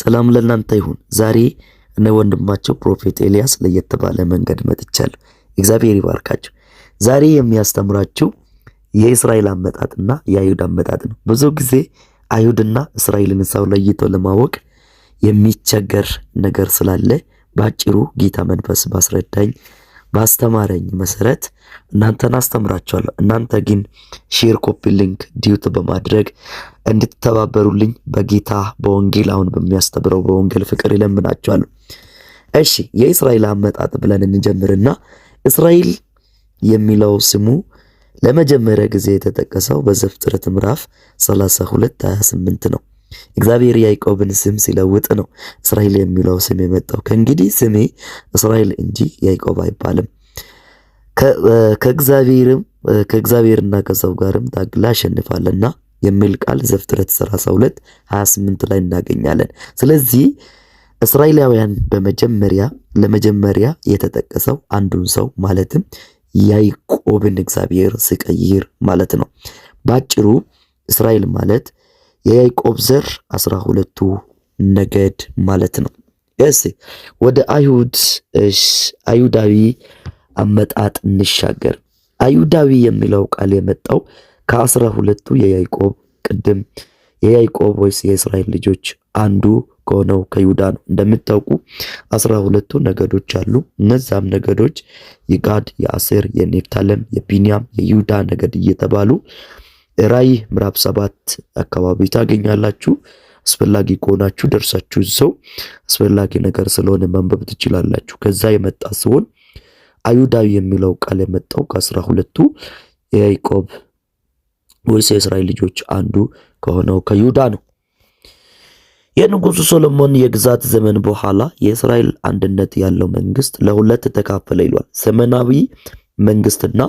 ሰላም ለእናንተ ይሁን። ዛሬ እነ ወንድማቸው ፕሮፌት ኤልያስ ለየት ባለ መንገድ መጥቻለሁ። እግዚአብሔር ይባርካቸው። ዛሬ የሚያስተምራችሁ የእስራኤል አመጣጥና የአይሁድ አመጣጥ ነው። ብዙ ጊዜ አይሁድና እስራኤልን ሰው ለይቶ ለማወቅ የሚቸገር ነገር ስላለ በአጭሩ ጌታ መንፈስ ባስረዳኝ ባስተማረኝ መሰረት እናንተን አስተምራችኋለሁ። እናንተ ግን ሼር፣ ኮፒ ሊንክ፣ ዲዩት በማድረግ እንድትተባበሩልኝ በጌታ በወንጌል አሁን በሚያስተምረው በወንጌል ፍቅር ይለምናችኋለሁ። እሺ የእስራኤል አመጣጥ ብለን እንጀምርና እስራኤል የሚለው ስሙ ለመጀመሪያ ጊዜ የተጠቀሰው በዘፍጥረት ምዕራፍ 32 28 ነው። እግዚአብሔር ያዕቆብን ስም ሲለውጥ ነው እስራኤል የሚለው ስም የመጣው። ከእንግዲህ ስሜ እስራኤል እንጂ ያዕቆብ አይባልም። ከእግዚአብሔርም ከእግዚአብሔርና ከሰው ጋርም ታግላ አሸንፋለና የሚል ቃል ዘፍጥረት 32 28 ላይ እናገኛለን። ስለዚህ እስራኤላውያን በመጀመሪያ ለመጀመሪያ የተጠቀሰው አንዱን ሰው ማለትም ያዕቆብን እግዚአብሔር ሲቀይር ማለት ነው። ባጭሩ እስራኤል ማለት የያይቆብ ዘር አስራ ሁለቱ ነገድ ማለት ነው። እሺ ወደ አይሁድ አይሁዳዊ አመጣጥ እንሻገር። አይሁዳዊ የሚለው ቃል የመጣው ከአስራ ሁለቱ የያይቆብ ቅድም የያይቆብ ወይስ የእስራኤል ልጆች አንዱ ከሆነው ከይሁዳ ነው። እንደምታውቁ አስራ ሁለቱ ነገዶች አሉ። እነዛም ነገዶች የጋድ፣ የአሴር፣ የኔፍታለም፣ የቢንያም፣ የይሁዳ ነገድ እየተባሉ ራይ ምዕራፍ ሰባት አካባቢ ታገኛላችሁ። አስፈላጊ ከሆናችሁ ደርሳችሁ ሰው አስፈላጊ ነገር ስለሆነ ማንበብ ትችላላችሁ። ከዛ የመጣ ሲሆን አይሁዳዊ የሚለው ቃል የመጣው ከአስራ ሁለቱ የያይቆብ ወይስ የእስራኤል ልጆች አንዱ ከሆነው ከይሁዳ ነው። የንጉሱ ሶሎሞን የግዛት ዘመን በኋላ የእስራኤል አንድነት ያለው መንግስት ለሁለት ተካፈለ ይሏል። ዘመናዊ መንግስትና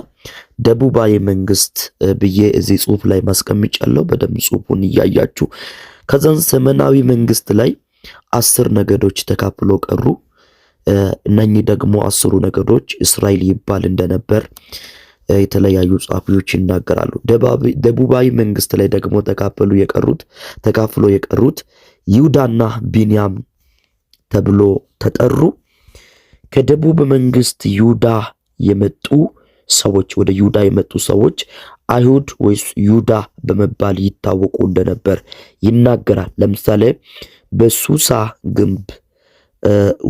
ደቡባዊ መንግስት ብዬ እዚህ ጽሁፍ ላይ ማስቀምጫለሁ። በደንብ ጽሁፉን እያያችሁ ከዛን ዘመናዊ መንግስት ላይ አስር ነገዶች ተካፍሎ ቀሩ። እነኚህ ደግሞ አስሩ ነገዶች እስራኤል ይባል እንደነበር የተለያዩ ጸሐፊዎች ይናገራሉ። ደቡባዊ መንግስት ላይ ደግሞ ተካፈሉ የቀሩት ተካፍሎ የቀሩት ይሁዳና ቢንያም ተብሎ ተጠሩ። ከደቡብ መንግስት ይሁዳ የመጡ ሰዎች ወደ ይሁዳ የመጡ ሰዎች አይሁድ ወይስ ይሁዳ በመባል ይታወቁ እንደነበር ይናገራል። ለምሳሌ በሱሳ ግንብ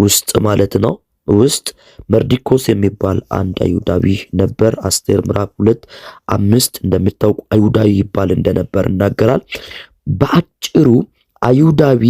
ውስጥ ማለት ነው ውስጥ መርዲኮስ የሚባል አንድ አይሁዳዊ ነበር። አስቴር ምዕራፍ ሁለት አምስት እንደምታውቁ አይሁዳዊ ይባል እንደነበር ይናገራል። በአጭሩ አይሁዳዊ